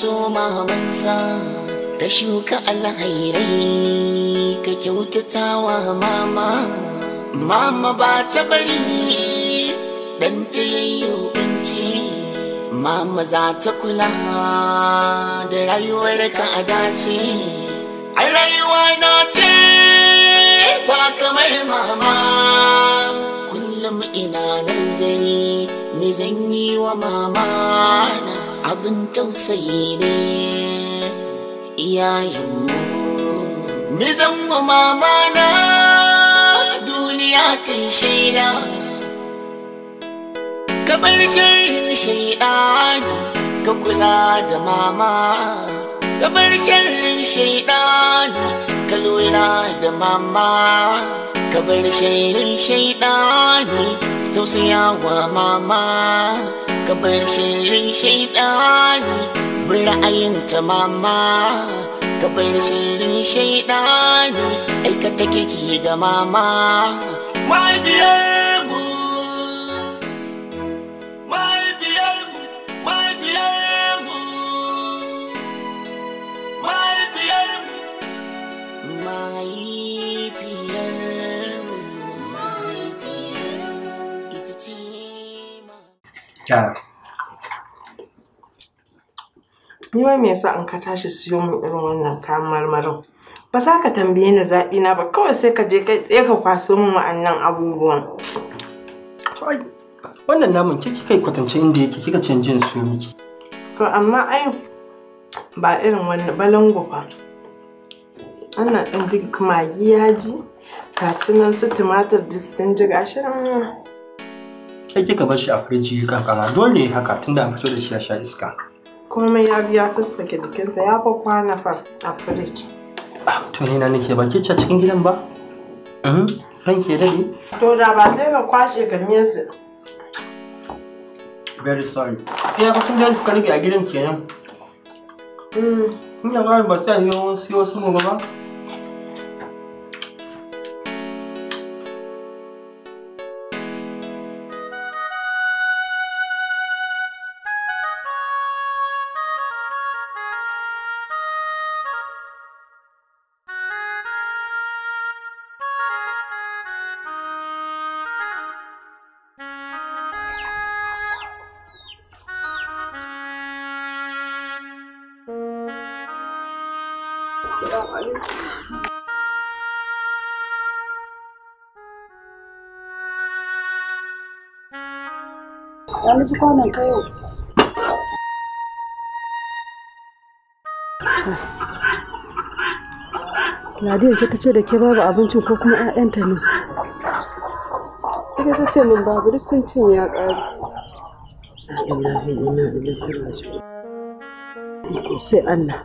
so mamansa ka shuka alhairai ka wa mama mama ba ta bari dan ta yayyubinci mama za ta kula da rayuwar ka a dace a rayuwa na ce ba kamar mama kullum ina nan zane ni zan yi wa mama abin tausayi ne iyayenmu mi wa mama na duniya ta shaida kamar shirin ne ka kula da mama kamar shirin shaidani ka lura da mama kabar shirin shaidani tausayawa mama ka bar shirin shaidani ra'ayin ta mama bar shirin shaidani aikata kiki ga mama my Ni wai me yasa in ka tashi siyo min irin wannan kayan marmarin? Ba za ka tambaye ni zaɓi na ba kawai sai ka je kai tsaye ka kwaso min wa'annan abubuwan. wannan namun kiki kai yi kwatance inda yake kika ce jin su miki. To amma ai ba irin wannan balango fa. Ana ɗan duk magi ji, gashi nan su tumatir duk sun ji gashi nan. kai kika bar shi a firiji kankana dole haka tunda an fito da shi ya sha iska komai ya biya sassake jikinsa ya fa kwana fa a firiji ah, to ni na nake ba ke cikin gidan ba mm-hmm. ran ke dade to da ba sai ka kwashe ka su. very sorry ya kusan da suka rage a gidan kenan mm. ina ba ba sai yi wasu siyo su ba alikuwa na Ladiyan ce ta ce da ke babu abinci ko kuma 'ya'yanta ne. Ita ta ce min babu duk sun cin ya ƙari. Sai Allah.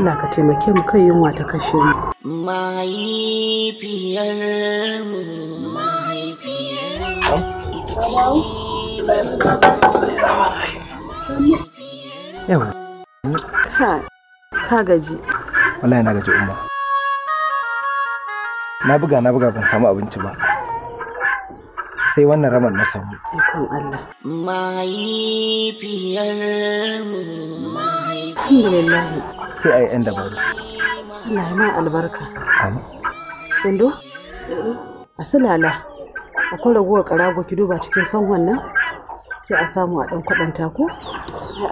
Allah ka taimake mu kai yunwa ta kashe mu. Mahaifiyar mahaifiyar Yawa. Ka gaji. Wallahi na gaji umma. Na buga na buga ban samu abinci ba. sai wannan raman na samu. mahaifiyar Alhamdulillah. Sai a yi 'yan dabaru. Allah ma albarka. Wando? A sulala, akwai raguwar ƙarago ki duba cikin son wannan? sai a samu a ɗan kwaɗanta ko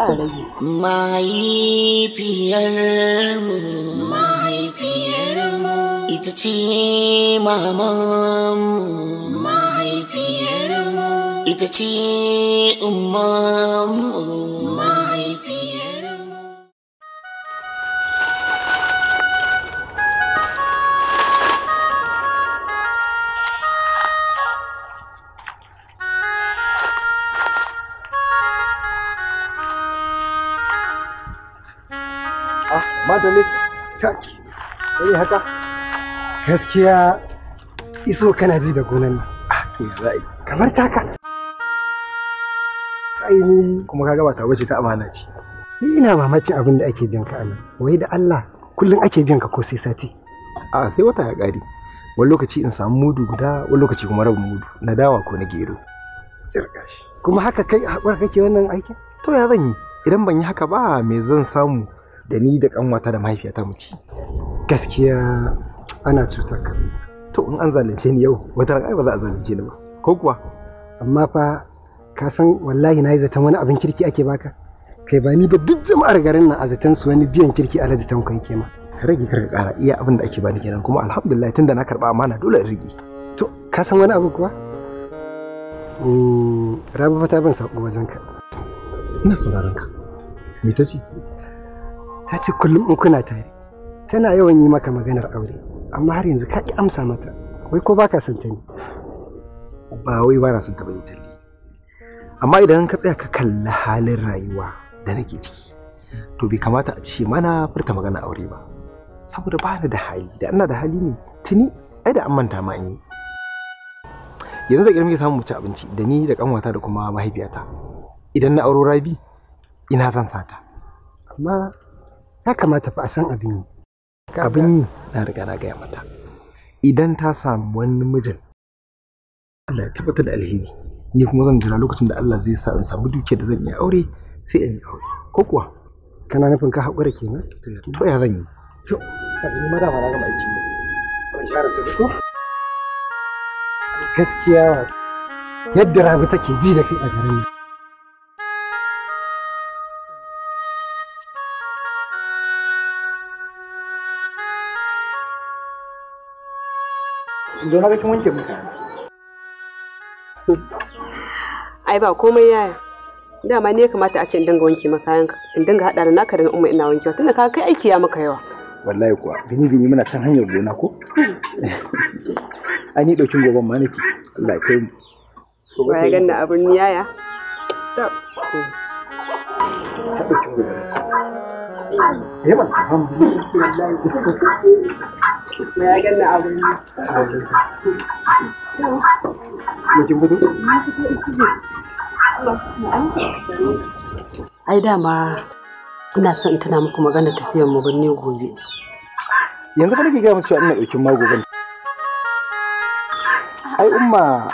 a rage mahaifiyar mu mahaifiyar mu ita ce maman mu mahaifiyar mu ita ce umman mu madalik gaskiya iso kana ji da gonan nan ah, to ya za'i kamar taka kai ni kuma kaga ba ta bace ta amana ce ni ina mamaki abin da ake biyan ka anan wai da Allah kullum ake biyan ka ko sai sati a sai wata ya kare wani lokaci in samu mudu guda wani lokaci kuma rabin mudu na dawa ko na gero kuma haka kai haƙura kake wannan aikin to ya zan yi idan ban yi haka ba me zan samu da ni da ƙanwata da mahaifiyata mu ci gaskiya ana cutar ka to in an zalunce ni yau wata ran ai ba za a zalunce ni ba ko kuwa amma fa ka san wallahi na yi zaton wani abin kirki ake baka kai ba ni ba duk jama'ar garin nan a zaton su wani biyan kirki a zaton kan ke ma ka rage ka kara iya abin da ake bani kenan kuma alhamdulillah tunda na karba amana dole in rage to ka san wani abu kuwa mm, rabu fa ta ban sako wajen ka ina sauraron ka me ta ce ta ce kullum in kuna tare tana yawan yi maka maganar aure amma har yanzu ka ki amsa mata wai ko baka son ta ne ba wai ba na son ta bane talli amma idan ka tsaya ka kalla halin rayuwa da nake ciki to bai kamata a ce mana furta magana aure ba saboda ba da hali da ina da hali ne tuni ai da an manta ma in yi yanzu da girmi samu mu abinci da ni da kanwata da kuma mahaifiyata idan na auro rabi ina zan sata amma ya kamata fa a san abin yi abin yi na riga na gaya mata idan ta samu wani mijin Allah ya tabbatar da alheri ni kuma zan jira lokacin da Allah zai sa in samu duke da zan iya aure sai in yi aure ko kuwa kana nufin ka haƙura kenan to ya zan yi to ka ji ma fara gama aiki ne share sai ko gaskiya yadda rabi take ji da kai a garin yanzu na ga kin wanke muka. ai ba komai yaya dama ne kamata a ce in dinga wanke maka yanka. in dinga hada da naka da umma ina wankewa tunda ka kai aiki ya maka yawa wallahi kuwa bini bini muna can hanyar gona ko ai ni ɗaukin goban ma nake Allah ya kai mu ba ya ganna abun yaya ta daukin goban eh man kafan me ya ai dama ina son tana muku magana tafiyar mu binne gobe yanzu fa nake gaya musu cewa ina ɗaukin magogon ai umma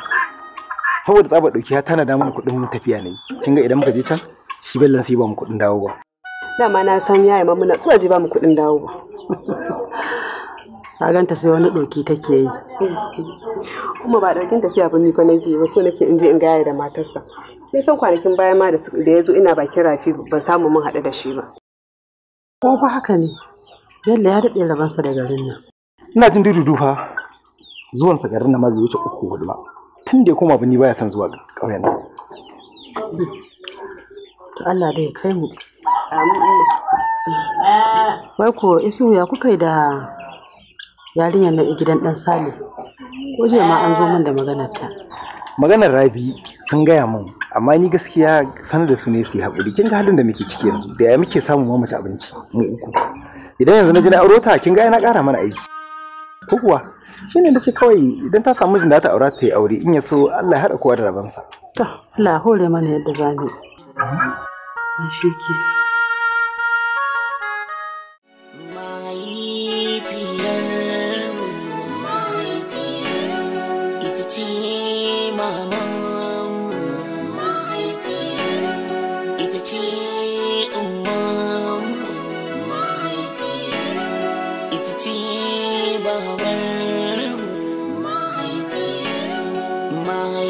saboda tsaba ɗauki ya tana da mana kuɗin tafiya ne kin ga idan muka je can shi bellan sai ba mu kuɗin dawo ba dama na san yayi ma muna tsuwa ba mu kuɗin ba ka ganta sai wani doki take yi kuma ba ɗaukin tafiya ba ni fa nake ba so nake in je in gaya da matarsa kin san kwanakin baya ma da ya zo ina bakin rafi ban samu mun haɗu da shi ba ko fa haka ne yalla ya daɗe rabansa da garin nan ina jin dudu fa zuwansa garin nan ma zai wuce uku hudu ba tun da ya koma ba ni baya son zuwa ƙauyen nan to Allah dai kai mu Wai ko isu ya kuka yi da yarinyar na gidan dan Sale? Ko je ma an zo min da maganar ta. Maganar Rabi sun gaya min amma ni gaskiya sanar da su ne su yi haƙuri kin ga halin da muke ciki yanzu da ya muke samun ma mace abinci mu uku idan yanzu na ji na aure ta kin ga na ƙara mana aiki ko kuwa shine da ce kawai idan ta samu mijin da ta aura ta yi aure in ya so Allah ya haɗa kowa da rabansa to Allah hore mana yadda za shi ke my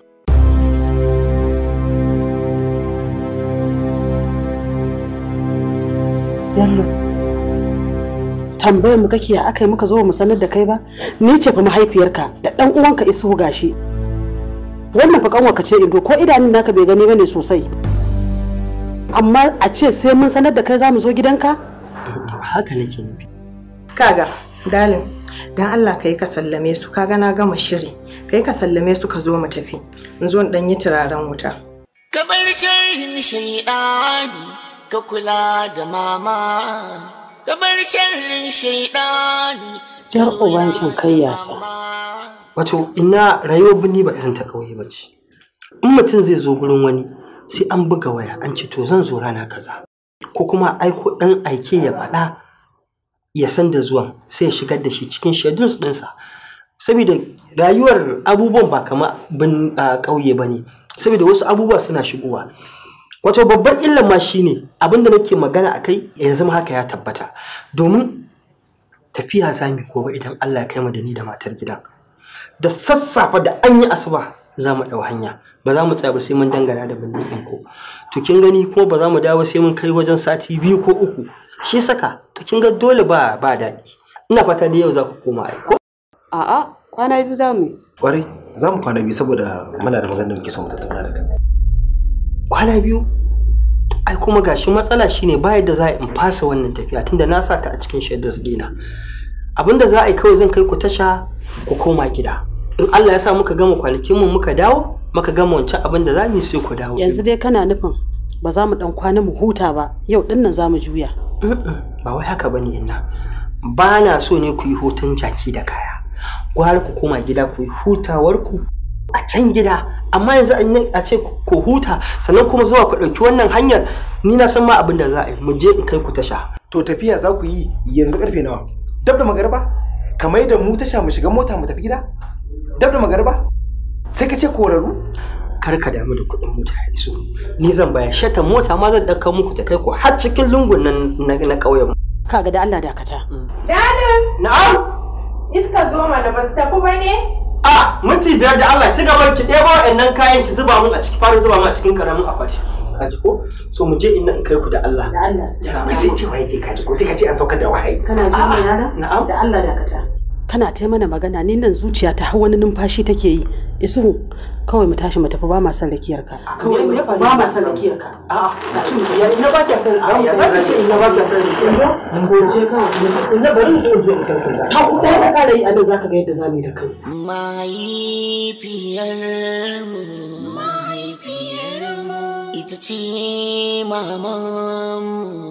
Bello. Tambayar mu kake a aka yi muka zo mu sanar da kai ba? Ni ce fa mahaifiyarka da ɗan'uwanka uwanka isu gashi. Wannan fa kanwarka ce Indo ko idanun naka bai gani bane sosai. Amma a ce sai mun sanar da kai za mu zo gidanka? Haka nake nufi. Kaga, dalin, dan Allah kai ka sallame su kaga na gama shiri. Kai ka sallame su ka zo mu tafi. In zo in dan yi turaren wuta. Kabar sharrin shay'ani ka kula da mama ka bar sharrin shaidani jar ubancin kai yasa wato ina rayuwar bini ba irin ta kauye ba ce in mutum zai zo gurin wani sai an buga waya an ce to zan zo rana kaza ko kuma aiko dan aike ya faɗa ya san da zuwan sai ya shigar da shi cikin shaidun dinsa? saboda rayuwar abubuwan ba kama bin ƙauye ba ne saboda wasu abubuwa suna shigowa wato babbar illan ma shine abinda nake magana a kai yanzu ma haka ya tabbata domin tafiya za mu gobe idan Allah ya kai mu da ni da matar gidan da sassafe da an yi asuba za mu ɗau hanya ba za mu tsaya ba sai mun dangana da birnin ɗinko to kin gani kuma ba za mu dawo sai mun kai wajen sati biyu ko uku shi saka to kin ga dole ba ba daɗi ina fata da yau za ku koma ai ko a'a kwana biyu za mu yi kwarai za mu kwana biyu saboda muna da maganar da muke son mu tattauna da kai kwana biyu ai kuma gashi matsala shine ba yadda za a in fasa wannan tafiya tunda na sata a cikin shaidar dina abinda za a yi kawai zan kai ku tasha ku koma gida in Allah ya sa muka gama kwanakin mu muka dawo muka gama wancan abin da za mu yi sai ku dawo yanzu dai kana nufin ba za mu dan kwana mu huta ba yau din nan za mu juya ba wai haka bane inna ba na so ne ku yi hutun jaki da kaya gwara ku koma gida ku yi hutawar ku a can gida amma yanzu an yi a ce ko huta sannan kuma zuwa ku ɗauki wannan hanyar ni na san ma abin da za a yi mu je in kai ku tasha to tafiya za ku yi yanzu karfe nawa dab da magarba kamar da mu tasha mu shiga mota mu tafi gida dab da magarba sai ka ce korarru kar ka damu da kuɗin mota ya iso ni zan baya shata mota ma zan ɗauka muku ta kai ku har cikin lungun nan na ƙauyen mu kaga da Allah dakata mm. dadin na'am iska zo mana ba su tafi ba ne a minti biyar da Allah ci gaban ki ɗebo wa'annan kayan ki zuba mun a ciki fara zuba mun a cikin karamin akwati kaji ko so mu je in nan kai ku da Allah da Allah K'i sai ce waye kaji ko sai ka ce an saukar da wahayi kana jin yana na'am da Allah dakata kana ta mana magana ni nan zuciya ta wani numfashi take yi isuhu kawai mu tashi mu tafi ba ma san rakiyar ka kawai mu tafi ba ma san rakiyar ka a'a ya ina ba ka son a mu ba ce ina ba ka son mun goce ka ina bari mu zo mu tsarkin ka ta ku da kare yi anan zaka ga yadda zamu yi da kai mahaifiyar mu mahaifiyar mu ita ce maman mu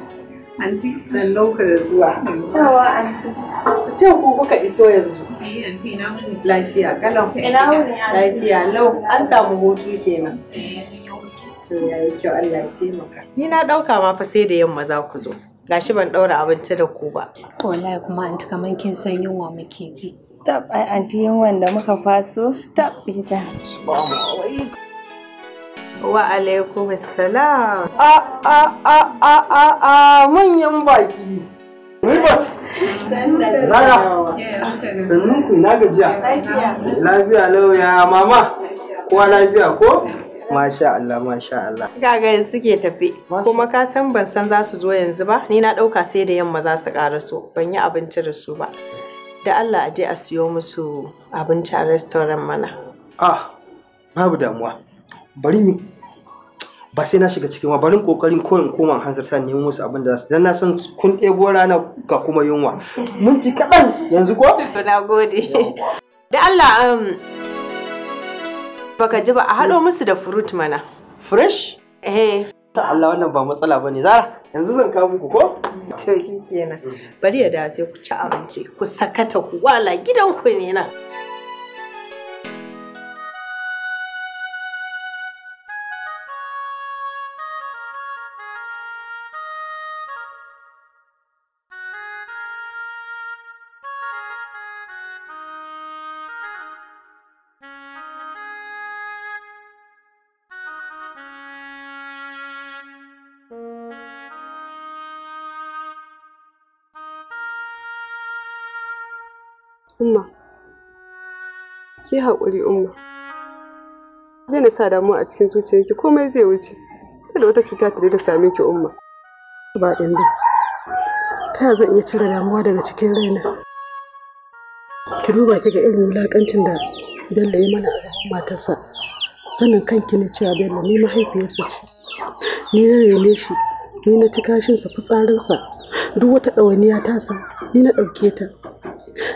anti dan daukar zuwa yawa anti ce ku kuka iso yanzu eh anti na wuni lafiya kalau ina wuni lafiya lau an samu hutu kenan eh, to yayi kyau Allah ya taimaka ni na dauka ma fa sai da yamma za ku zo gashi ban daura abinci da ku ba wallahi kuma anti kaman kin san yunwa muke ji tab ai anti yunwan da muka kwaso tab ita wa alaikum salam a a a a a a manyan baki Ribot! Zara! Sannan ku na gajiya? Lafiya lauya mama? Kowa lafiya ko? Masha Allah, masha Allah. yanzu suke tafi, kuma ka san ban san za su zo yanzu ba, ni na ɗauka sai da yamma za su ƙaraso, ban yi abinci da su ba. Da Allah a je a siyo musu abinci a restoran mana. Ah, babu damuwa. bari ba sai na shiga cikin wa barin kokarin koyon koman hanzarta neman wasu abin da za su dan na san kun ɗebo rana ga kuma yunwa minti kaɗan yanzu ko na gode da Allah um, baka ji ba a haɗo musu da fruit mana fresh eh ta Allah wannan ba matsala bane zara yanzu zan kawo muku ko to shikenan bari ya da sai ku ci abinci ku sakata ku wala gidan ku ne nan Umma, ki haƙuri Umma. na sa damuwa a cikin zuciyarki komai zai wuce. Kada wata cuta ta da same ki Umma. Ba ɗin Ta zan iya cire damuwa daga cikin raina. Ki duba ki ga irin wulaƙancin da Bello ya mana matarsa. Sanin kanki ne cewa Bello ni mahaifiyarsa ce. Ni na rene shi, ni na ci kashinsa fitsarinsa, duk wata ɗawainiya sa, ni na ɗauke ta.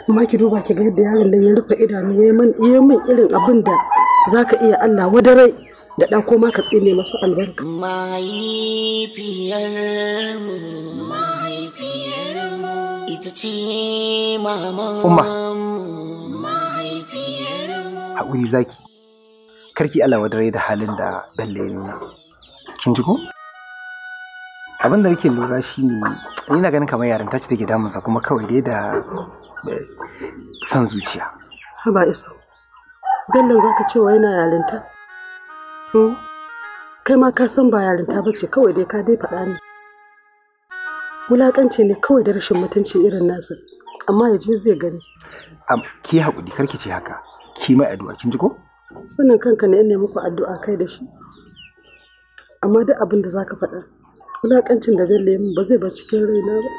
amma ki duba ki ga yadda yaron nan ya rufe idanu ya man ya min irin abin da zaka iya Allah wadare da ɗa ko ma ka tsine masa albarka mahaifiyar mu mahaifiyar mu ita ce mama umma mahaifiyar mu hakuri zaki karki Allah wadarai da halin da balle ne nuna kin ji ko abin da nake lura shine ina ganin kamar yarinta ce take damunsa kuma kawai dai da san zuciya haba iso bello za ka cewa yana yalinta hmm? kai ma ka san ba yalinta ba ce kawai dai ka dai faɗa ne wulaƙanci ne kawai da rashin mutunci irin nasa amma yaje zai gani am ki haƙuri karki ce haka ki mai addu'a kin ji ko sanin kanka ne ina muku addu'a kai da shi amma duk abin da zaka faɗa wulaƙancin da bello ya ba zai ba cikin raina ba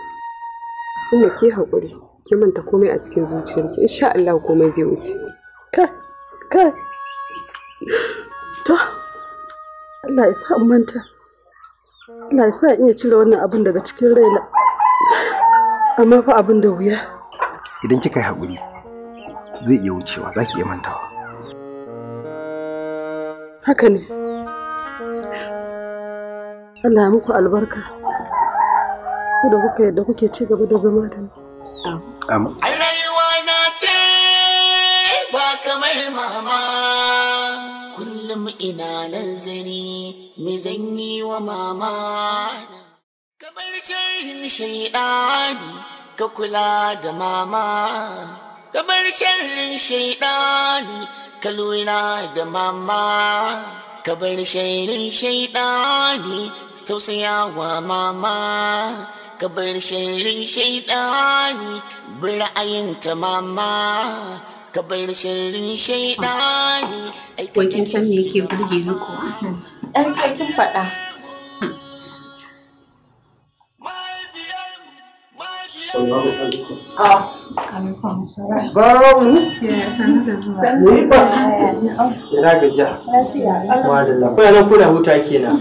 kuma ki haƙuri ki manta komai a cikin zuciyarki insha Allah komai zai wuce Ka! Ka! to Allah ya sa in manta Allah ya sa in iya cire wannan abin daga cikin raina amma fa abin da wuya idan kika yi haƙuri zai iya wucewa za ki iya mantawa haka ne Allah ya muku albarka da kuka yadda kuke ci gaba da zama da ni Rayuwa na ce ba kamar mama kullum ina nazari me zan yi wa mama kamar sharrin shaidani ka kula da mama kamar sharrin shaidani ka lura da mama ka bar shairin shaiɗani tausayawa mama ka bar shirin shaidani ayin ta mama ka bar shirin shaidani kin san me yake burge ni ko dan sai kin Ya da zuwa. Ni ba. ya, da huta kenan.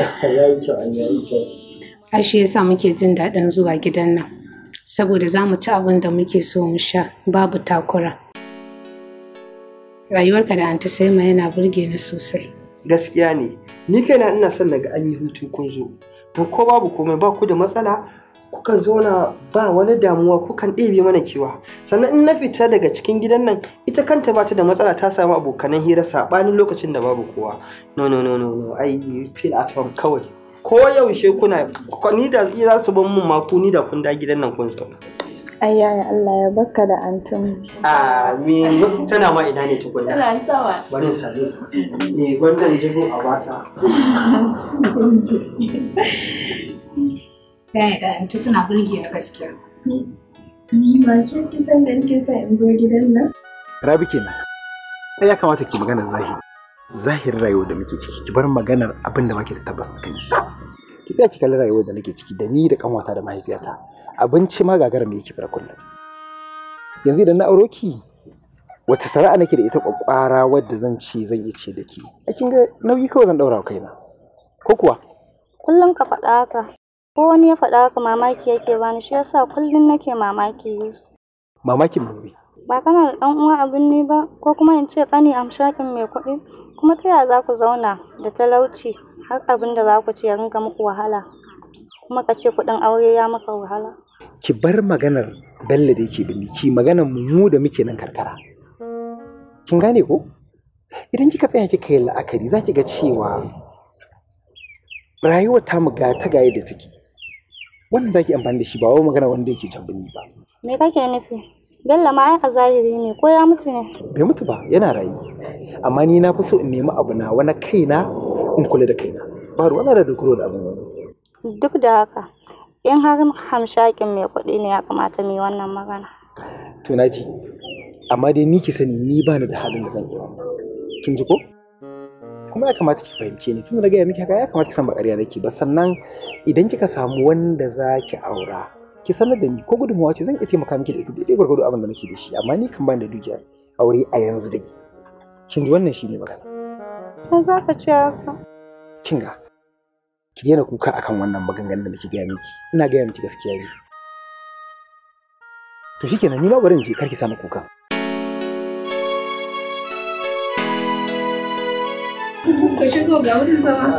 Ya yi ya yi ai shi yasa muke jin daɗin zuwa gidan nan saboda za mu ci abin da muke so mu sha babu takura rayuwarka da anti ma yana burge ni sosai gaskiya ne ni kaina ina son naga an yi hutu kun zo to ko babu komai ba ku da matsala kukan zauna ba wani damuwa kukan ɗebe mana kewa sannan in na fita daga cikin gidan nan ita kanta ba ta da matsala ta samu abokanan hira saɓanin lokacin da babu kowa no no no no no i feel at kawai ko yaushe kuna ni da za su ban mun maku ni da kun da gidan nan kun sauka. Ayya Allah ya baka da antum. Amin. Tana ma ina ne tukunna? Tana sawa. Bari sanu. Ni gwandan jibo a bata. Kai da antu suna burge na gaskiya. Ni ma kin kisan da nake sa in zo gidan nan? Rabi kenan. sai Ya kamata ki magana zahiri. zahirin rayuwar da muke ciki ki bar maganar abin da muke da tabbas akan shi ki tsaya ki kalli rayuwar da nake ciki da ni da kanwata da mahaifiyata abinci ma gagara me yake fara kullum yanzu idan na auro ki wata sana'a nake da ita kwakwara wadda zan ce zan yi ce da ke a kin ga nauyi kawai zan daura kaina ko kuwa kullum ka faɗa haka ko wani ya faɗa haka mamaki yake bani shi yasa kullum nake mamaki yusu mamakin mu ba kana da dan uwa abin ne ba ko kuma in ce kani amshakin mai kuɗi kuma ta yaya za ku zauna da talauci har abin da za ku ci ya rinka muku wahala kuma ka ce kuɗin aure ya maka wahala ki bar maganar bello da yake binni ki maganar mu da muke nan karkara kin gane ko idan kika tsaya kika yi la'akari za ki ga cewa rayuwar ta mu ga ta gaye da take wannan za ki amfani da shi ba wai magana wanda yake can binni ba me kake nufi Bello ma ai a zahiri ne ko ya mutu ne? Bai mutu ba yana rayu. Amma ni na fi so in nemi abu na wani kaina in kula da kaina. Ba ruwa da dukuro da abin wani. Duk da haka in har hamshakin mai kuɗi ne ya kamata mu yi wannan magana. To na ji. Amma dai ni ki sani ni ba ni da halin da zan yi wannan. Kin ji ko? kuma ya kamata ki fahimce ni tun da gaya miki haka ya kamata ki san ba ƙarya nake ba sannan idan kika samu wanda za ki aura ki sanar da ni ko gudunmawa ce zan iya taimaka miki da ita daidai gwargwado abin da nake da shi amma ni kan bani da dukiya aure a yanzu dai kin ji wannan shine magana kin za ka ce haka kin ga ki daina kuka akan wannan maganganun da nake gaya miki ina gaya miki gaskiya ne to shikenan ni ma bari in je kar ki sani kuka Ka shigo ga wurin zama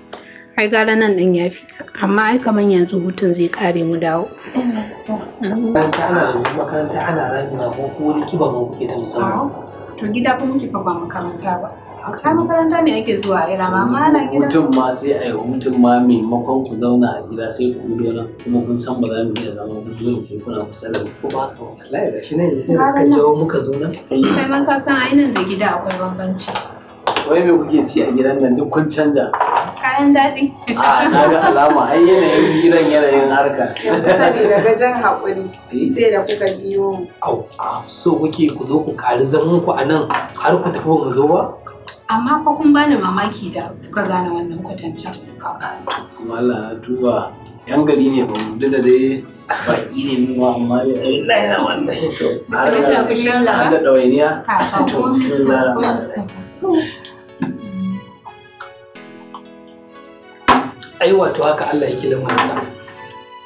ai gara nan din ya fi amma ai kamar yanzu hutun zai kare mu dawo makaranta ana makaranta ana ramewa ko ko wani kiba ma kuke da musamman to gida kuma muke fa ba makaranta ba a makaranta ne ake zuwa a ma. amma ana gida hutun ma sai a yi hutun ma maimakon ku zauna a gida sai ku biyo nan kuma kun san ba za mu iya zama ku dole sai kuna kusa da ku ba ka wallahi gashi ne sai suka jawo muka zo nan kai man ka san ainihin da gida akwai bambanci wai me kuke ci a gidan nan duk kun canja kayan daɗi a na ga alama ai yanayin gidan yanayin harka saboda gajen haƙuri eh. sai da kuka biyo au so kuke ku zo ku ƙari zaman ku a nan har ku tafi mu zo ba amma fa kun bani mamaki da kuka gane wannan kwatancin wala duba yan gari ne ba mu da dai baki ne mu ma amma dai sai Allah yana wannan to bismillah kullum la da dawainiya ka ka bismillah ai wato haka Allah yake da sa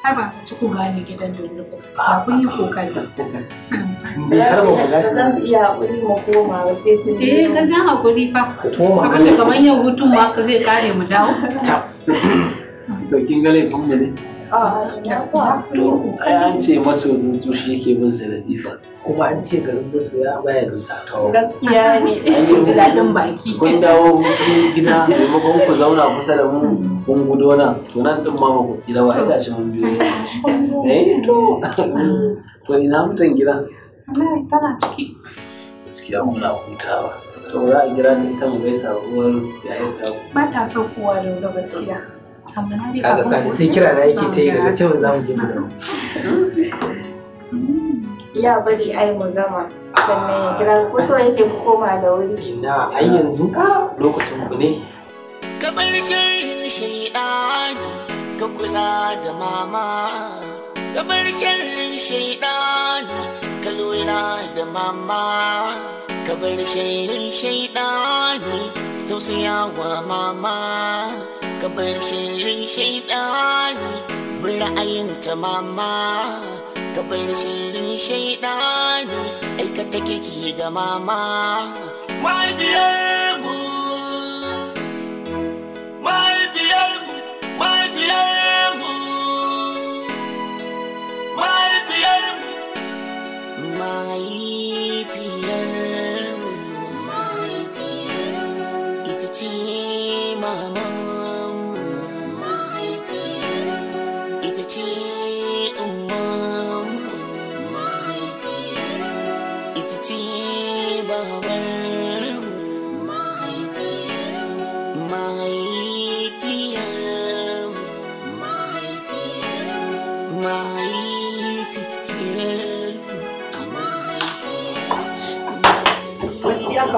har ba ta ci ku gane gidan da wuri ba ka kun yi kokari ne har ba ga gane za iya hakuri mu koma ba sai sun eh kan jan hakuri fa abin da kamar yau hutun ma zai kare mu dawo to kin ga laifin mu ne gaskiya? To an ce maso tsuntsu shi yake bin sa da jifa kuma an ce garin maso ya baya nisa ta gaskiya ne an yi ji daɗin baki kun dawo hutun gida maimakon ku zauna kusa da mu mm. kun gudo nan to nan din ma ku tsira ba ga shi mun biyo eh to mm. to ina mutan gida tana ciki gaskiya muna hutawa to za a gira ne ta mu gaisa uwar yayin ta ba ta saukowa kowa da gaskiya kaga sani sai kira na yake ta yi daga cewa za mu je mu mm. ya bari ai mu gama sannan ya kira ko so yake ku koma da wuri na ai yanzu lokacin ku ne kamar shirin shaidani ka kula da mama kamar shirin shaidani ka lura da mama kamar shirin shaidani tausayawa mama ka bar shirin shaidani bin ra'ayin ta mama ka bar shirin shaidani aikata kiki ga mama mahaifiyar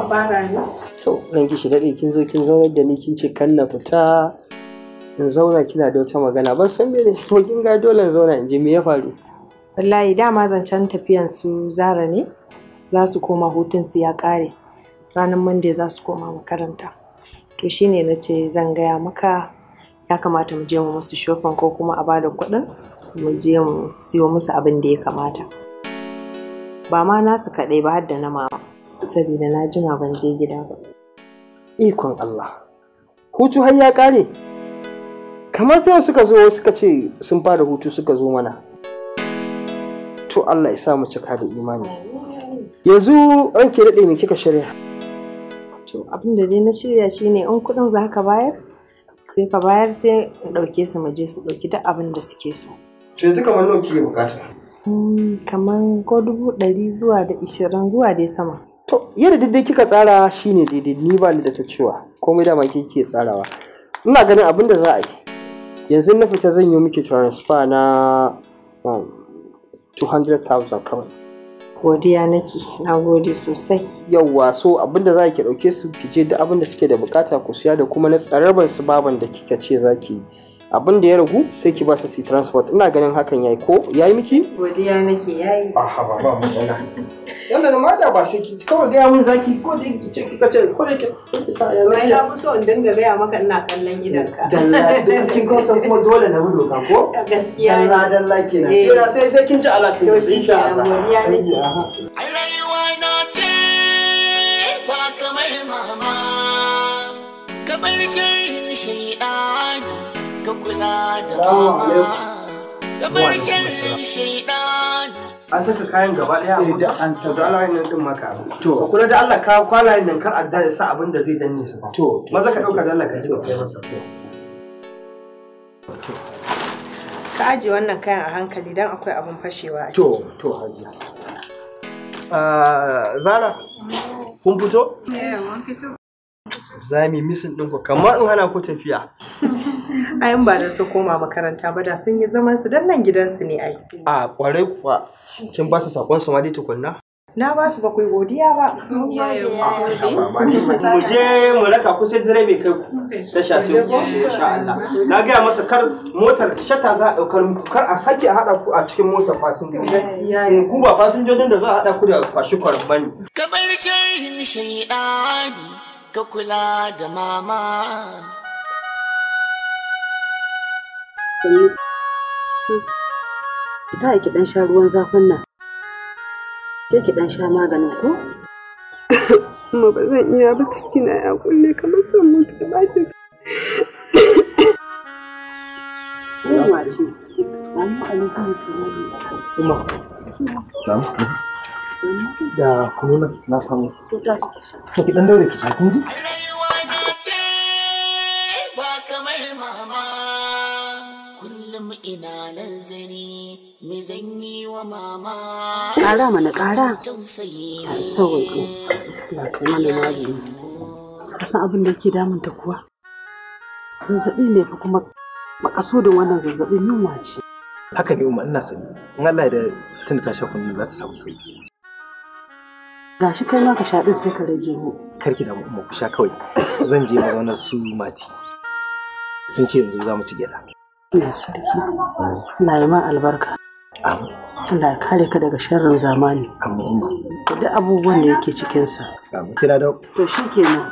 bara ne to shi daɗe kin zo kin zaunar da ni kin ce kan na fita in zauna kina da wata magana ban san me ne ko kin ga dole in zauna in ji me ya faru wallahi dama zancen tafiyan su zara ne za su koma hutun su ya kare ranar monday za su koma makaranta to shine na ce zan gaya maka ya kamata mu je mu musu shofan ko kuma a bada kuɗin mu je mu siyo musu abin da ya kamata ba ma nasu kaɗai ba har da na mama saboda na jima ban je gida ba. Ikon Allah, hutu har ya ƙare. Kamar fiye suka zo suka ce sun fara hutu suka zo mana. To Allah ya sa mu cika da imani. Yanzu ranke daɗe me kika shirya? To abin da dai na shirya shine in kuɗin za ka bayar? Sai ka bayar sai ɗauke su maje je su ɗauki duk abin da suke so. To yanzu kamar nawa kike bukata? Hmm, kamar ko dubu ɗari zuwa da ishirin zuwa dai sama. to yadda daidai kika tsara shi ne daidai ni ba ni da ta cewa komai dama ke ke tsarawa ina ganin abin da za a yi yanzu na fita zan yi miki transfer na 200,000 um, kawai godiya nake na gode sosai yawwa so da za ki ɗauke su ki je abin da suke da bukata ku siya da kuma na tsarabar su baban da kika ce za ki yi abin da ya ragu sai ki ba su si transport ina ganin hakan yayi ko yayi miki godiya nake yayi a ah, ha ba ba magana wannan ma da ba sai ki kawai ga mun zaki ko da ki ce kika ce ko da ki sa ya na ya mutu in dinga ga maka ina kallon gidanka dalla da kin ko san kuma dole na wudo ka ko gaskiya dalla dalla kenan sai eh. sai sai kin ji alaka insha Allah godiya nake ai rayuwa na ce ba kamar mama kamar ka kula da mama an saka kayan gaba daya a eh, da an saka alayin nan din maka to so kula da Allah ka kwalayen nan kar adda da sa abin da zai danne su ba to maza ka dauka da Allah ka ji kai masa to ka aje wannan kayan a hankali dan akwai abin fashewa a to to hajiya ah, zara kun fito? Eh, mun fito. za mu yi misin ɗinku kamar in hana ku tafiya. Ayan ba da su koma makaranta ba da sun yi zaman su don nan gidansu ne ai. A kwarai kuwa kin ba su sakon su ma dai tukunna. Na ba su ba ku godiya ba. Ah, mu je mu raka ku sai direba kai ku tasha sai ku insha Allah. Na gaya masa kar motar shata za a ɗaukar muku kar a sake a haɗa ku a cikin motar fasinjoji. Gaskiya ne. Eh, ku ba fasinjojin da za a haɗa ku da kwashi kwarban. Kabar shayin shaidani. ka kula da mama ta yi dan sha ruwan zafin nan sai ki dan sha maganin ko ba zan iya ba ciki na ya kulle kamar son mutu da baki Zan wace, Kuma. da kununa na samu to ki dan daure ki sha kin ji ina nan zani me zan wa mama ƙara mana ƙara a sauwaƙe na kai mana magani ka san abin da yake ta kuwa zazzaɓi ne fa kuma makasudin wannan zazzaɓin yunwa ce haka ne umma ina sani in Allah da tunda ta sha kunnin za ta samu sauki Ga shi kai ma ka sha ɗin sai ka rage mu. Karki da mu ku sha kawai. Zan je zauna su mati. Sun ce yanzu za mu ci gida Ina sarki. Na yi ma albarka. Amin. kare ka daga sharrin zamani. Amin. Da abubuwan da yake cikinsa. Amin sai na dawo. To shi kenan.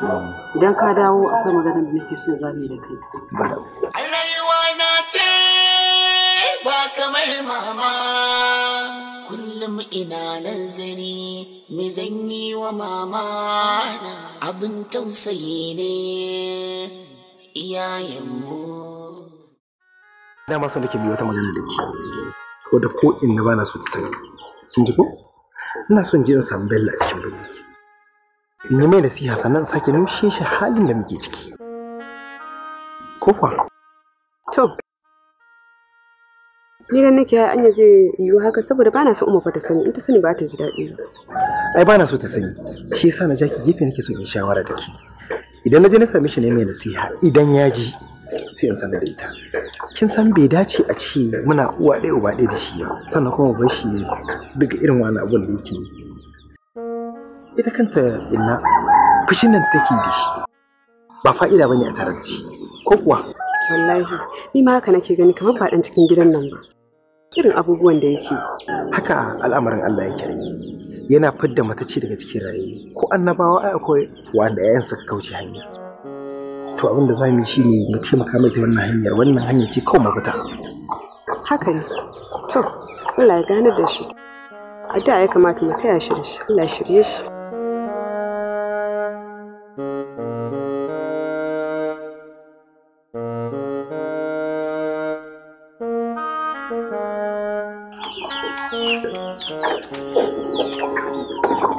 Idan ka dawo akwai maganar da nake so za yi da kai. Ba da. na ce ba kamar mama. kullum ina nazari me zan yi wa mama abin tausayi ne iyayenmu dama sau nake biyo wata magana da ke wadda ko inna ba na so ta sani kin ji ko ina son ji in samu bella a cikin birni ni mai nasiha sannan sake nushe shi halin da muke ciki ko kuwa to ni ganin nake ai anya zai yiwu haka saboda bana so umma ta sani in ta sani ba ta ji daɗi ai bana so ta sani shi yasa na ja ki gefe nake so in shawara da ki idan na je na same shi ne mai nasiha idan ya ji sai in sanar da ita kin san bai dace a ce muna uwa ɗaya uba ɗaya da shi ba sannan kuma bar shi daga irin wani abun da yake ita kanta inna fushin nan take da shi ba fa'ida bane a tare da shi ko kuwa wallahi ni ma haka nake gani kamar ba dan cikin gidan nan ba irin abubuwan da yake haka al'amarin Allah ya yake yana fidda matacce daga cikin raye ko annabawa ai akwai wanda 'ya'yansa ka kauce hanya to abin da za mu yi shine mu taimaka mai da wannan hanyar wannan hanya ce kawai mafita haka ne to Allah ya gane da shi a da ya kamata mu taya shi da shi Allah ya shirye shi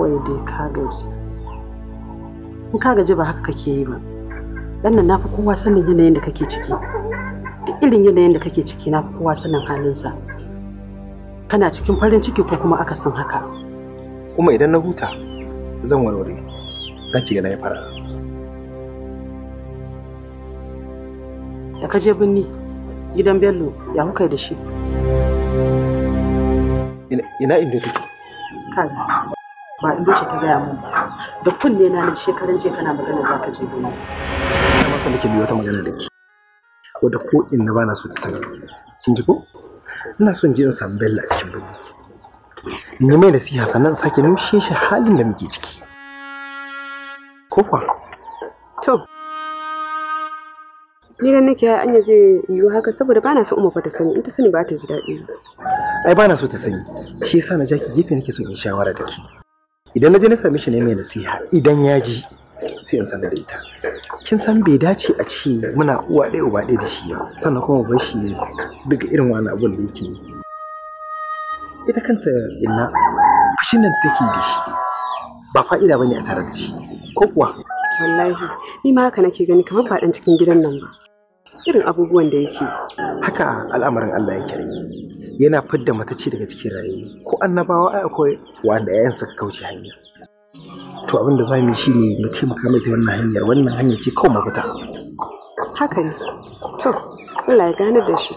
kawai dai ka gaji in ka gaji ba haka kake yi ba dan nan nafi kowa sanin yanayin da kake ciki duk irin yanayin da kake ciki nafi kowa sanin halinsa kana cikin farin ciki ko kuma akasin haka kuma idan na huta zan warware za ki ga na yi fara da ka je birni gidan bello ya kuka da shi ina inda take ba in ta gaya mun ba da kunne na ne shekaran ce kana magana za ka je gona ina masa nake biyo ta magana da ke wadda ko in na so ta sani kin ji ko ina so in je in samu bella a cikin birni Mai yi mai nasiha sannan sake nushe shi halin da muke ciki ko kwa to ni ga nake anya zai yiwu haka saboda bana so umma fa ta sani in ta sani ba ta ji daɗi ai bana so ta sani shi yasa na jaki gefe nake so in shawara da ke idan na je na same shi ne mai nasiha idan ya ji sai in sanar da ita kin san bai dace a ce muna uwa ɗaya uba ɗaya da shi ba sannan kuma bar shi duka irin wani abun da yake ita kanta inna fushin nan take da shi ba fa'ida bane a tare da shi ko kuwa wallahi ni ma haka nake gani kamar ba dan cikin gidan nan ba irin abubuwan da yake haka al'amarin Allah yake rai yana fidda matacce daga cikin raye ko annabawa ai akwai wanda yayan ka kauce hanya to abin da zamu yi shine mu taimaka mai ta wannan hanyar wannan hanya ce kawai mafita haka ne to Allah ya gane da shi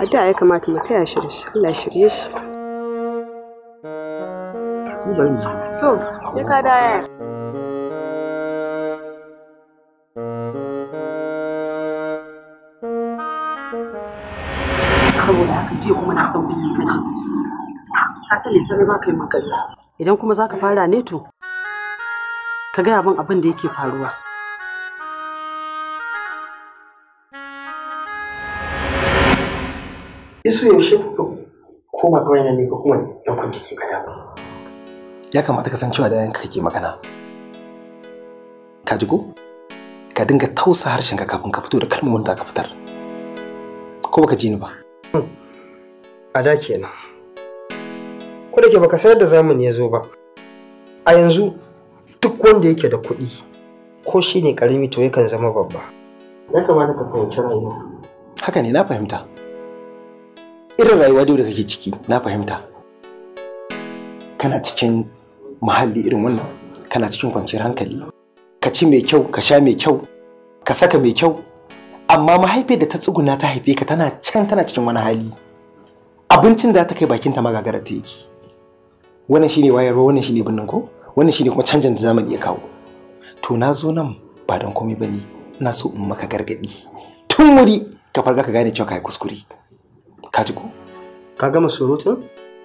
a da ya kamata mu taya shi da shi Allah ya shirye shi to sai ka da jiya kuma na san yi ka ji ka sani sai ba kai magana idan kuma zaka fara ne to ka gaya min abin da yake faruwa isu yaushe kuka koma ga wannan ne ko kuma ɗaukan jiki ka dawo ya kamata ka san cewa da yanka kake magana ka ji ko ka dinga tausa ka kafin ka fito da kalmomin da ka fitar ko baka ji ni ba a kenan ko da ke baka sayar da zamani ya zo ba a yanzu duk wanda yake da kuɗi ko shi ne ƙarami to yakan zama babba ya kamata ka fahimci rayuwa haka ne na fahimta irin rayuwa da kake ciki na fahimta kana cikin muhalli irin wannan kana cikin kwanciyar hankali ka ci mai kyau ka sha mai kyau ka saka mai kyau amma mahaifiyar da ta tsuguna ta haife ka tana can tana cikin wani hali abincin da ta kai bakinta ta magagara ta yake wannan shine wayarwa wannan shine binnin ko wannan shine kuma canjin da zamani ya kawo to na zo nan ba don komai bane ina so in maka gargadi tun wuri ka farga ka gane cewa kai kuskure ka ji ko ka gama surutun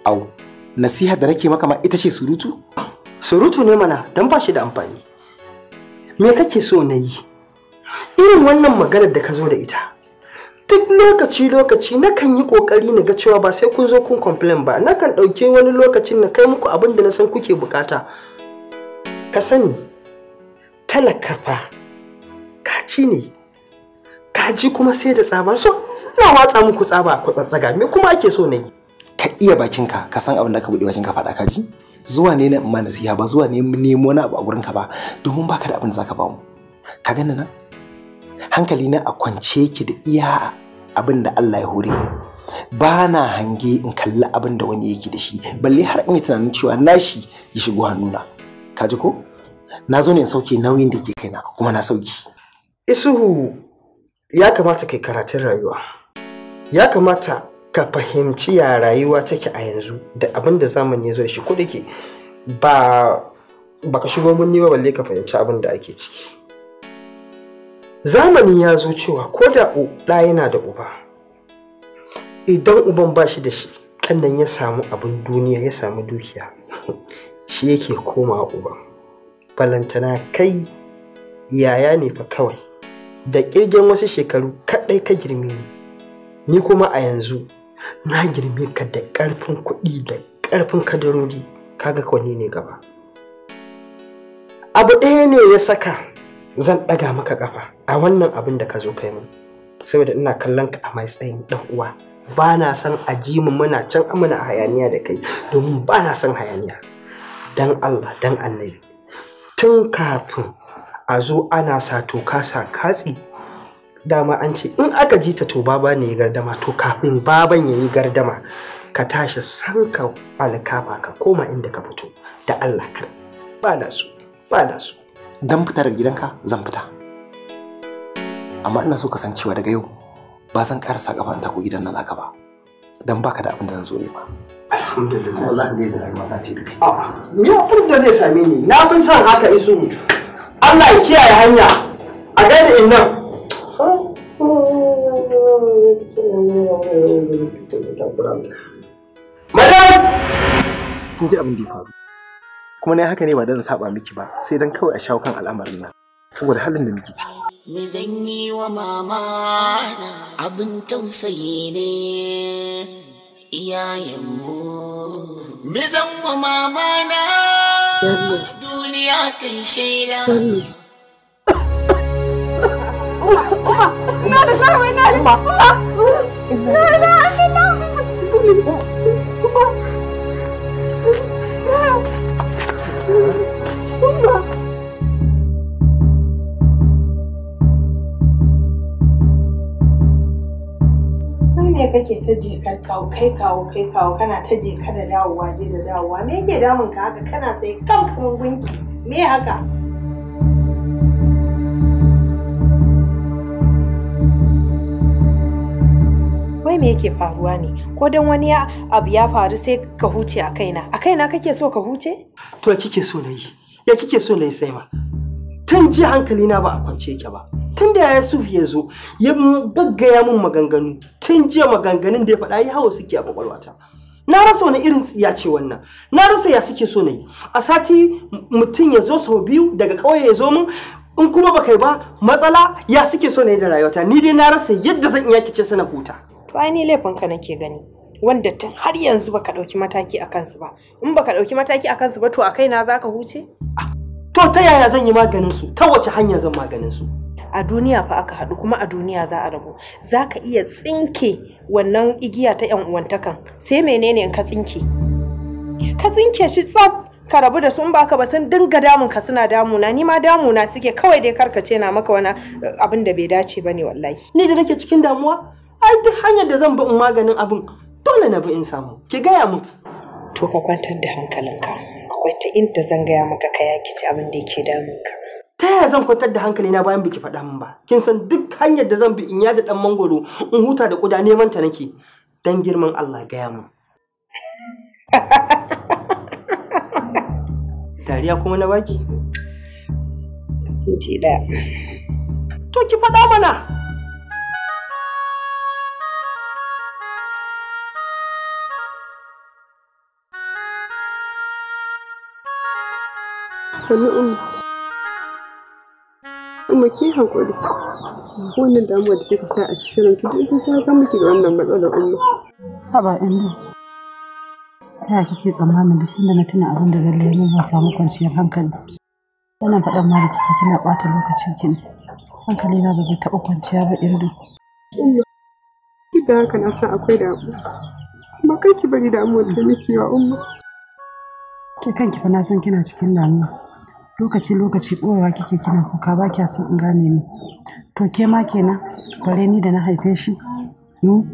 au nasiha da nake maka ma ita ce surutu surutu ne mana dan ba shi da amfani me kake so na yi irin wannan maganar da ka zo da ita duk lokaci-lokaci na kan yi kokari na ga cewa ba sai kun zo kun complain ba na kan ɗauke wani lokacin na kai muku abin da na san kuke bukata ka sani talaka fa kaci ne ji kuma sai da tsaba so na watsa muku tsaba ku tsatsaga me kuma ake so na yi ka iya bakinka ka san abin da ka buɗe bakinka faɗa kaji zuwa ne na ma nasiha ba zuwa ne nemo na abu a gurinka ba domin baka da abin da zaka ba mu ka gani na hankali na a kwance yake da iya abin da Allah ya hore ba na hange in kalli abin da wani yake da shi balle har in yi tunanin cewa shi ya shigo hannuna ka ji ko na zo ne in sauke nauyin da ke kaina kuma na sauki isuhu ya kamata kai karatun rayuwa ya kamata ka fahimci ya rayuwa take a yanzu da abin da zamani ya zo da shi ko da ke ba baka shigo mun ba balle ka fahimci abin da ake ciki zamani ya zo cewa ko da ɗa yana da uba idan uban ba shi da shi ɗannan ya samu abin duniya ya samu dukiya shi yake koma uban balantana kai yaya ne fa kawai da ƙirgin wasu shekaru kaɗai ka girme ni ni kuma a yanzu na girme ka da ƙarfin kuɗi da ƙarfin kadarori kaga kwani ne gaba abu ɗaya ne ya saka zan ɗaga maka ƙafa a wannan abin da ka zo kai mun saboda ina kallon ka a matsayin dan uwa ba na san a ji mu muna can amana a hayaniya da kai domin ba na san hayaniya dan Allah dan annabi tun kafin a zo ana sa toka sa katsi dama an ce in aka ji ta to baba ne ya gardama to kafin baban ya yi gardama ka tashi san ka alkama ka koma inda ka fito da Allah kar ba na so ba na so dan fita daga gidanka zan fita amma ina so ka san cewa daga yau ba zan karasa gaban ko gidan nan aka ba dan baka da abin da zan zo ne ba alhamdulillah za ka ga da rayuwa za ta yi da kai ni abin da zai same ni na fi son haka isu Allah ya kiyaye hanya a ga da innan madam kun ji abin da ya faru kuma na haka ne ba dan saba miki ba sai dan kawai a shawo kan al'amarin nan saboda halin da muke ciki me zanyi wa mama abin tausayi ne iyayenmu me zan wa mama na duniya ta yi shaida ne me kake ta jikar kawo kai kawo kai kawo kana ta jika da dawowa je da dawowa me yake damun ka haka kana tsaye kan kaman gunki me haka wai me yake faruwa ne ko dan wani abu ya faru sai ka huce a kaina a kaina kake so ka huce to kike so na yi ya kike so na yi sai ma tun ji hankali na ba a kwance yake ba tun da Yusuf ya zo ya gaggaya min maganganu tun jiya maganganun da ya faɗa yi hawa suke a kwakwalwata na rasa wani irin tsiya ce wannan na rasa ya suke so na yi a sati mutum ya zo sau biyu daga ƙauye ya zo min in kuma ba kai ba matsala ya suke so na yi da rayuwata ni dai na rasa yadda zan iya kice sana huta to ai ni laifinka nake gani wanda tun har yanzu baka ɗauki mataki a kansu ba in baka ɗauki mataki a kansu ba to a kaina zaka huce to ta yaya zan yi maganin su ta wace hanya zan maganin su a duniya fa aka haɗu kuma a duniya za a rabu za ka iya tsinke wannan igiya ta yan uwantakan sai menene in ka tsinke ka tsinke shi tsaf ka rabu da sun baka ba sun dinga damun ka suna damuna ni ma damuna suke kawai dai karkace na maka wani eh, abin da bai dace ba ne wallahi ni da nake cikin damuwa ai duk hanyar da zan bi in maganin abin dole na bi in samu ki gaya mu to ka kwantar da hankalinka akwai ta inda zan gaya maka ka yaki ci abin da yake damunka ta yaya zan kwantar da hankali na bayan biki faɗa min ba kin san duk hanyar da zan bi in yada dan mangoro in huta da kuda neman ta nake dan girman Allah gaya min dariya kuma na baki Kuti da To ki faɗa mana. kuma ki hankali wannan damuwar da kika sa a cikin ranki duk ita ta ga miki da wannan matsalar umma haba inda ta yaya kike tsammanin da sanda na tuna abin da lalle mun ba samu kwanciyar hankali wannan faɗan ma da kike kina ɓata lokacin ki hankali na ba zai taɓa kwanciya ba inda duk da haka na san akwai damu ba kai ki bari damuwar da nake wa umma ke kanki fa na san kina cikin damuwa lokaci lokaci ɓoyewa kike kina kuka ba kya son in gane ni to ke ma kenan bare ni da na haife shi no hmm,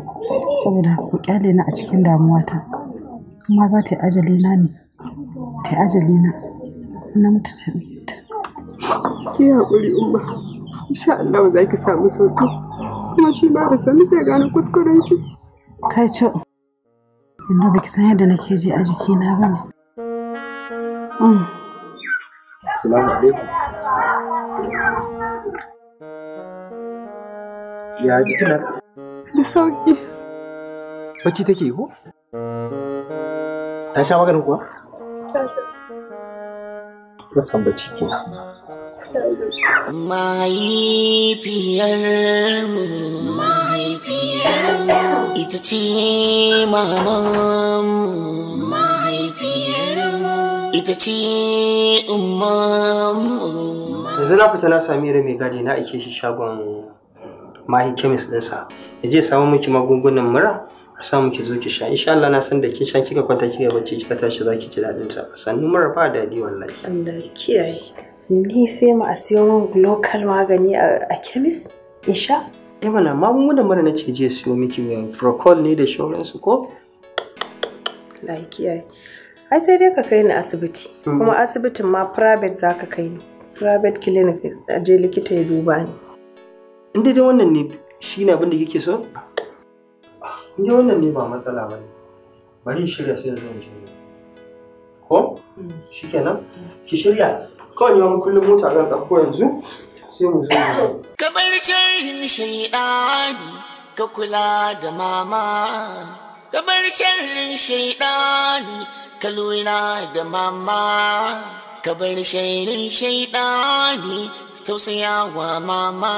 saboda ku kyale ni a cikin damuwata kuma za ta yi ajali na ne ta yi ajali na na mutu sami ta ki haƙuri umma insha Allah za ki samu sauki kuma shi ma da sani zai gane kuskuren shi kai ce yanzu ba ki san yadda nake ji a jikina ba ne hmm. Assalamu alaikum. Ya ji kina? Da sauki. Bacci take ko? Ta sha maganin kuwa? Ta sha. Ta san bacci kina. Mahaifiyar Mahaifiyar ita ce mamanmu. ita ce yanzu na fita na sami mai gadi na aike shi shagon mahi kemis dinsa ya je samu miki magungunan mura a samu ki zo ki sha insha Allah na san da kin sha kika kwanta kika bacci kika tashi zaki ji dadin ta sannu mura ba dadi wallahi Allah kiyaye ni sai mu a siyo min local magani a kemis insha sha eh mana magungunan mura na ce je siyo miki eh, procol ne da shauransu ko Allah kiyaye ai sai dai ka kai ni asibiti mm. kuma asibitin ma private za ka kai ni private clinic a je likita ya duba ni inda dai wannan ne shi ne abin da kike so inda wannan ne ba matsala ba ne bari shirya sai zo mu shirya mm. shi kenan ki shirya kawai ne ma kullum mota zan ɗauko yanzu sai mu zo ka bar sharrin shaidani ka kula da mama ka bar sharrin shaidani ka da mama ka bar shairin shaidani tausayawa mama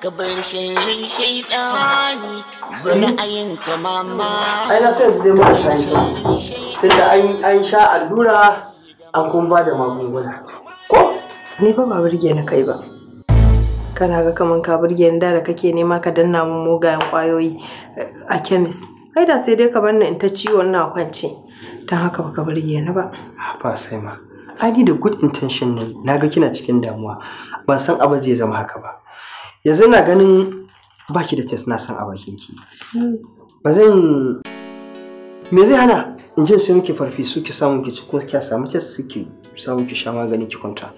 ka bar shairin shaidani ra'ayinta mama ai na sai zai mara shaidan tunda an sha allura an kuma ba da magunguna ko ni ba ba burge ni kai ba kana ga kaman ka burge ni da kake nema ka danna mun mugayen kwayoyi eh, a kemis ai da sai dai ka bar ni in ta ciwon na kwance don haka baka ya ni ba ba sai ma ani da good intention ne naga kina cikin damuwa ban san abin zai zama haka ba yanzu na ganin baki da test na san abakin ki hmm. ba zan me zai hana in ji sai muke farfesu ki samu ki ci ko ki samu test ki samu ki sha magani ki kwanta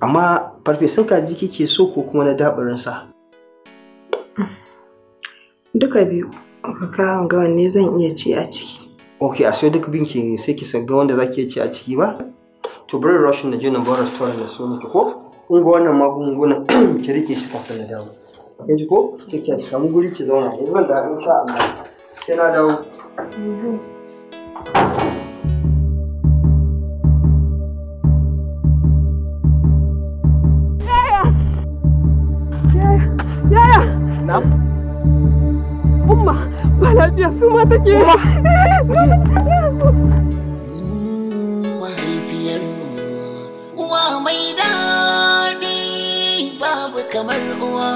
amma farfesun kaji kike so ko kuma na dabarin sa duka biyu ka kawo ga wanne zan iya ci a ciki ok a sai duk binki sai ki sagga wanda zaki ci a ciki ba to bari russian na je na bar restaurant da so miki ko kun ga wannan magungunan ki rike shi kafin na dawo kin ji ko kike samu guri ki zauna in ban da insha Allah sai na dawo Yaya! Na'am? Umma, ba lafiya su ma take. Umma! Mahaifiyarmu uwa mai babu kamar uwa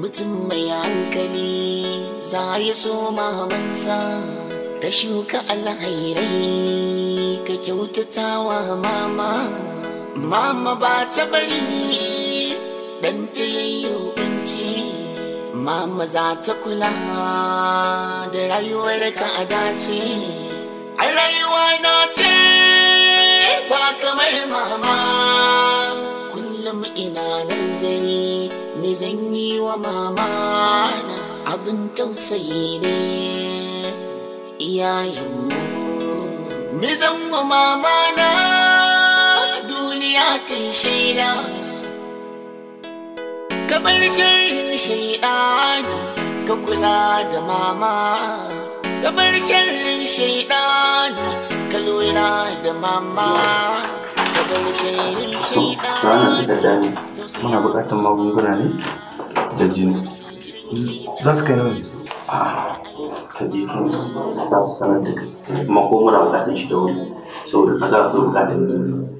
mutum mai hankali za ya so mamansa ka shuka alhairai ka kyautata wa mama mama ba ta bari dan ta yayyo binci Mama za ta kula da rayuwar ka a dace, a rayuwa na ce ba kamar mama. Kullum ina nazari ni zan yi wa mama na abin tausayi ne iyayenmu. Ni zan wa mama na duniya ta shaida. ka shirin sharrin shaidani ka kula da mama ka shirin sharrin shaidani ka lura da mama ka bar da mama muna buƙatar magunguna ne da jini za su kai nawa ne ah, ka je kan za su sanar da kai kuma ko muna buƙatar shi da wuri saboda kaga akwai buƙatar jini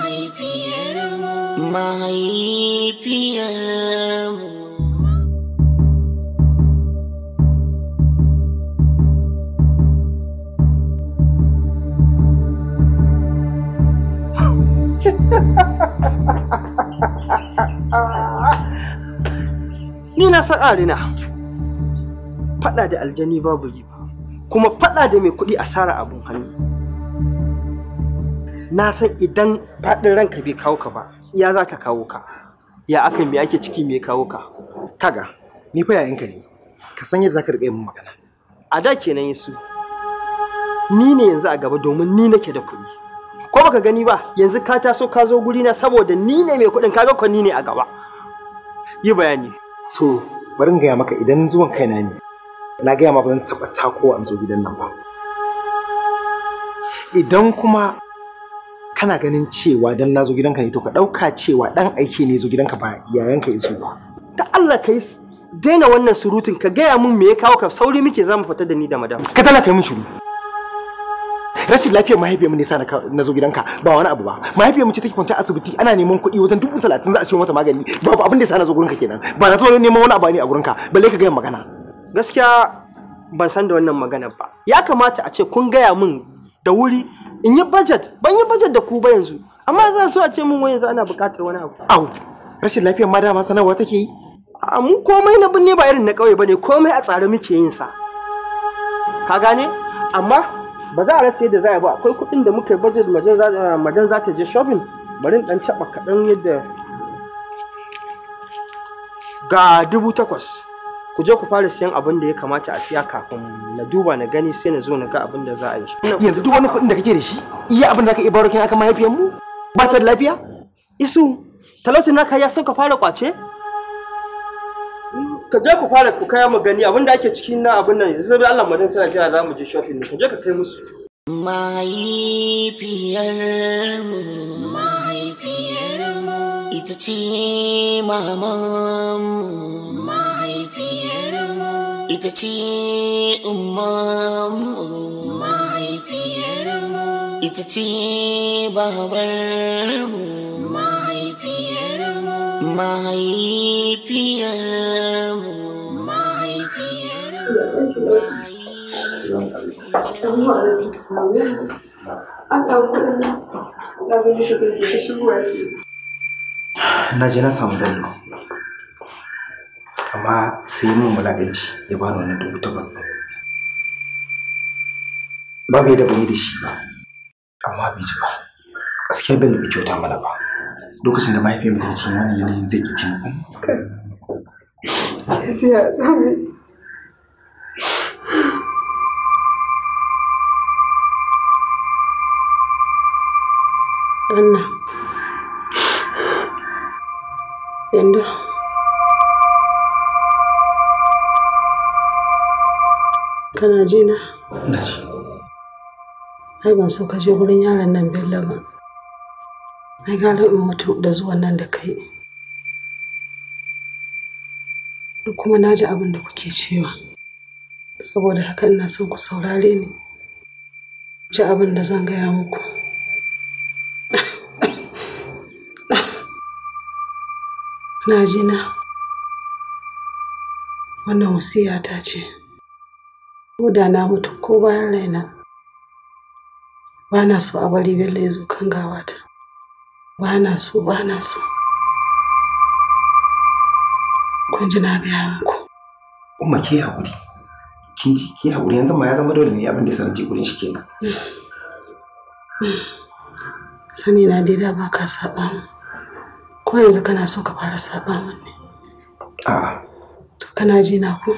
mahaifiyarmu Ni na san arina faɗa da aljani babu riba kuma faɗa da mai kuɗi asara abun hannu. na san idan faɗin ranka bai kawo ka ba ya za ta kawo ka ya aka me ake ciki me kawo ka kaga ni fa yayin ka ne ka san yadda zaka rike yin magana a da kenan su, ni ne yanzu a gaba domin ni nake da kuɗi ko baka gani ba yanzu ka taso ka zo guri na saboda ni ne mai kuɗin kaga ko ni ne a gaba yi bayani to bari in gaya maka idan zuwan kaina ne na gaya ma ba zan taɓa an zo gidan nan ba idan kuma kana ganin cewa dan na zo gidanka ne to ka ɗauka cewa dan aiki ne zo gidanka ba yayanka iso ba. Da Allah ka yi daina wannan surutun ka gaya mun me ya kawo ka sauri muke za mu fita da ni da madam. Ka tana kai mun shiru. Rashin lafiyar mahaifiyar mu ne sa na zo gidanka ba wani abu ba. mahaifiyar mu ce take kwance asibiti ana neman kuɗi wajen dubu talatin za a siyo mata magani babu abin da sa na zo gurinka kenan ba na zo neman wani abu ne a gurinka balle ka gaya magana. Gaskiya ban san da wannan maganar ba. Ya kamata a ce kun gaya mun da wuri in yi budget ban yi budget da ku ba yanzu amma za so a ce mun wai yanzu ana buƙatar wani abu au rashin lafiyar ma dama sanarwa take yi a mun komai na binne ba irin na ƙauye bane komai a tsare muke yin sa ka gane amma ba za a rasa yadda za a ba akwai kuɗin da muka yi budget madan eh, za ta je shopping bari in dan caɓa kaɗan yadda ga dubu takwas ku je ku fara siyan abin da ya kamata a siya kafin na duba na gani sai na zo na ga abin da za a yi yanzu duk wani kuɗin da kake da shi iya abin da ka iya barokin aka mahaifiyar mu ba ta da lafiya isu talautin naka ya ka fara kwace ka je ku fara ku kaya mu gani abin da ake cikin na abin nan yanzu sai Allah madan sai jira za mu je shopping ka je ka kai musu mahaifiyar mu mahaifiyar mu ita ce mamanmu ita ce imamu mahaifiyarmu ita ce babarmu mahaifiyarmu mahaifiyarmu mahaifiyarmu Na je na samu amma sai mun wulaƙanci ya bani wannan dubu takwas ɗin Ba bai da yi da shi ba amma bai ji ba gaskiya bai bai kyauta mana ba lokacin da mahaifiyar ta ce wani yanayin zai ki taimako Anna, Anna. Kana ji na? Na ji. Ai ban so ka je gurin yaron nan Bello ba. Ai gara in mutu da zuwan nan da kai. Kuma na ji abin da kuke cewa. Saboda haka ina son ku saurare ni. Ji abin da zan gaya muku. Na ji na. Wannan wasiya ta ce. ko da na mutu ko bayan raina ba na so a bari bello ya zo kan gawata ba na so ba na so kun ji na gaya muku umma ke haƙuri kin ji ke haƙuri yanzu ma ya zama dole ne abin da ya sanar je gurin shi kenan sani na dai da ba ka saba mu ko yanzu kana so ka fara saba mu ne a'a to kana ji na ku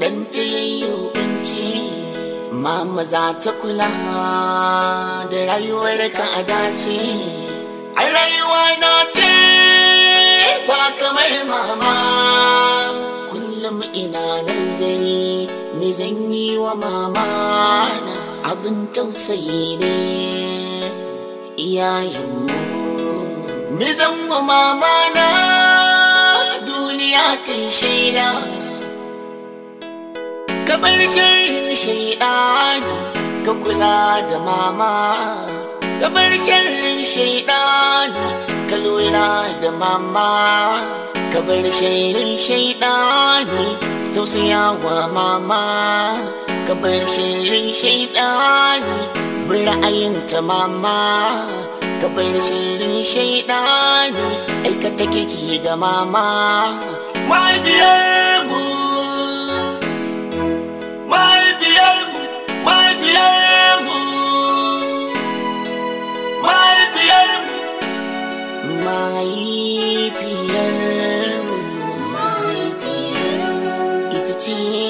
gani mama za ta kula da rayuwar ka a dace a rayuwa na ce ba kamar mama kullum ina nazari ni zan yi wa mama abin tausayi ne iyayenmu ni zan wa mama na ta shaida kamar sharrin shaidani ka kula da mama kamar sharrin shaidani ka lura da mama kamar sharrin shaidani tausayawa mama kamar sharrin shaidani bin ra'ayinta mama kamar sharrin shaidani da take ki ga mama mahaifiyarmu mahaifiyarmu Yeah.